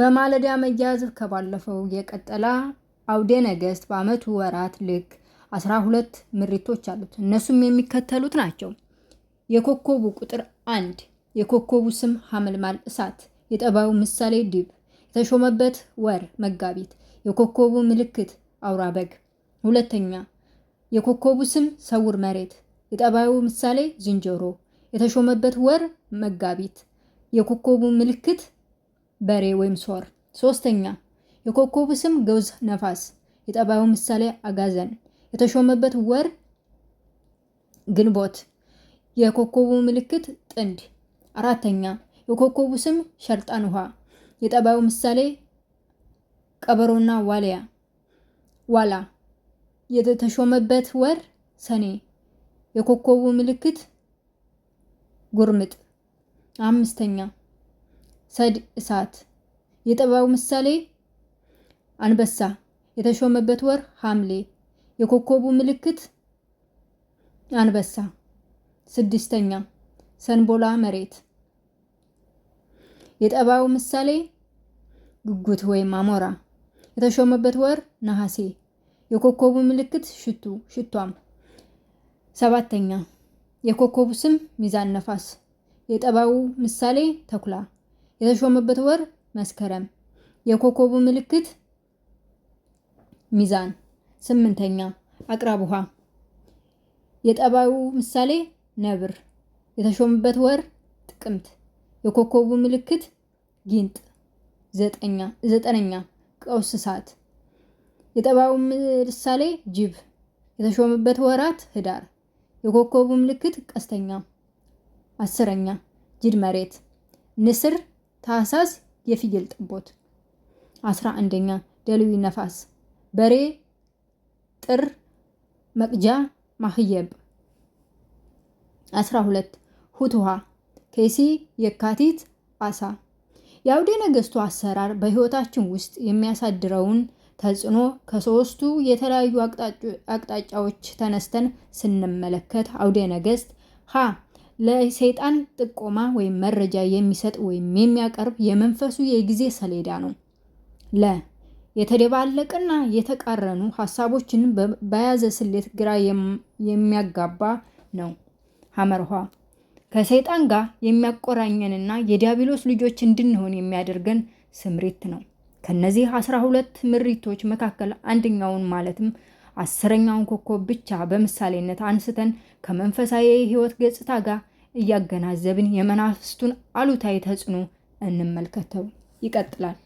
በማለዳ መያዝ ከባለፈው የቀጠላ አውዴ ነገስት በአመቱ ወራት ልክ አስራ ምሪቶች አሉት። እነሱም የሚከተሉት ናቸው። የኮከቡ ቁጥር አንድ የኮከቡ ስም ሐመልማል እሳት፣ የጠባዩ ምሳሌ ድብ፣ የተሾመበት ወር መጋቢት፣ የኮከቡ ምልክት አውራ በግ። ሁለተኛ የኮከቡ ስም ሰውር መሬት፣ የጠባዩ ምሳሌ ዝንጀሮ፣ የተሾመበት ወር መጋቢት፣ የኮከቡ ምልክት በሬ ወይም ሶር። ሶስተኛ የኮከቡ ስም ገውዝ ነፋስ፣ የጠባዩ ምሳሌ አጋዘን። የተሾመበት ወር ግንቦት፣ የኮከቡ ምልክት ጥንድ። አራተኛ የኮከቡ ስም ሸርጣን ውሃ፣ የጠባዩ ምሳሌ ቀበሮና ዋልያ ዋላ። የተሾመበት ወር ሰኔ፣ የኮከቡ ምልክት ጉርምጥ። አምስተኛ ሰድ እሳት የጠባዩ ምሳሌ አንበሳ የተሾመበት ወር ሐምሌ የኮከቡ ምልክት አንበሳ ስድስተኛ ሰንቦላ መሬት የጠበው ምሳሌ ጉጉት ወይም አሞራ የተሾመበት ወር ነሐሴ የኮከቡ ምልክት ሽቱ ሽቷም ሰባተኛ የኮከቡ ስም ሚዛን ነፋስ የጠበው ምሳሌ ተኩላ የተሾመበት ወር መስከረም። የኮከቡ ምልክት ሚዛን። ስምንተኛ አቅራብ ውሃ። የጠባዩ ምሳሌ ነብር። የተሾመበት ወር ጥቅምት። የኮከቡ ምልክት ጊንጥ። ዘጠነኛ ቀውስ ሰዓት። የጠባዩ ምሳሌ ጅብ። የተሾመበት ወራት ህዳር። የኮከቡ ምልክት ቀስተኛ። አስረኛ ጅድ መሬት ንስር ታህሳስ የፍየል ጥቦት። አስራ አንደኛ ደልዊ ነፋስ በሬ ጥር መቅጃ ማህየብ። አስራ ሁለት ሁት ኬሲ የካቲት አሳ። የአውደ ነገስቱ አሰራር በህይወታችን ውስጥ የሚያሳድረውን ተጽዕኖ ከሶስቱ የተለያዩ አቅጣጫዎች ተነስተን ስንመለከት አውዴ ነገስት ሀ ለሰይጣን ጥቆማ ወይም መረጃ የሚሰጥ ወይም የሚያቀርብ የመንፈሱ የጊዜ ሰሌዳ ነው። ለ የተደባለቀና የተቃረኑ ሀሳቦችን በያዘ ስሌት ግራ የሚያጋባ ነው። ሀመርኋ ከሰይጣን ጋር የሚያቆራኘንና የዲያብሎስ ልጆች እንድንሆን የሚያደርገን ስምሪት ነው። ከነዚህ አስራ ሁለት ምሪቶች መካከል አንደኛውን ማለትም አስረኛውን ኮከብ ብቻ በምሳሌነት አንስተን ከመንፈሳዊ የህይወት ገጽታ ጋር እያገናዘብን የመናፍስቱን አሉታዊ ተጽዕኖ እንመልከተው። ይቀጥላል።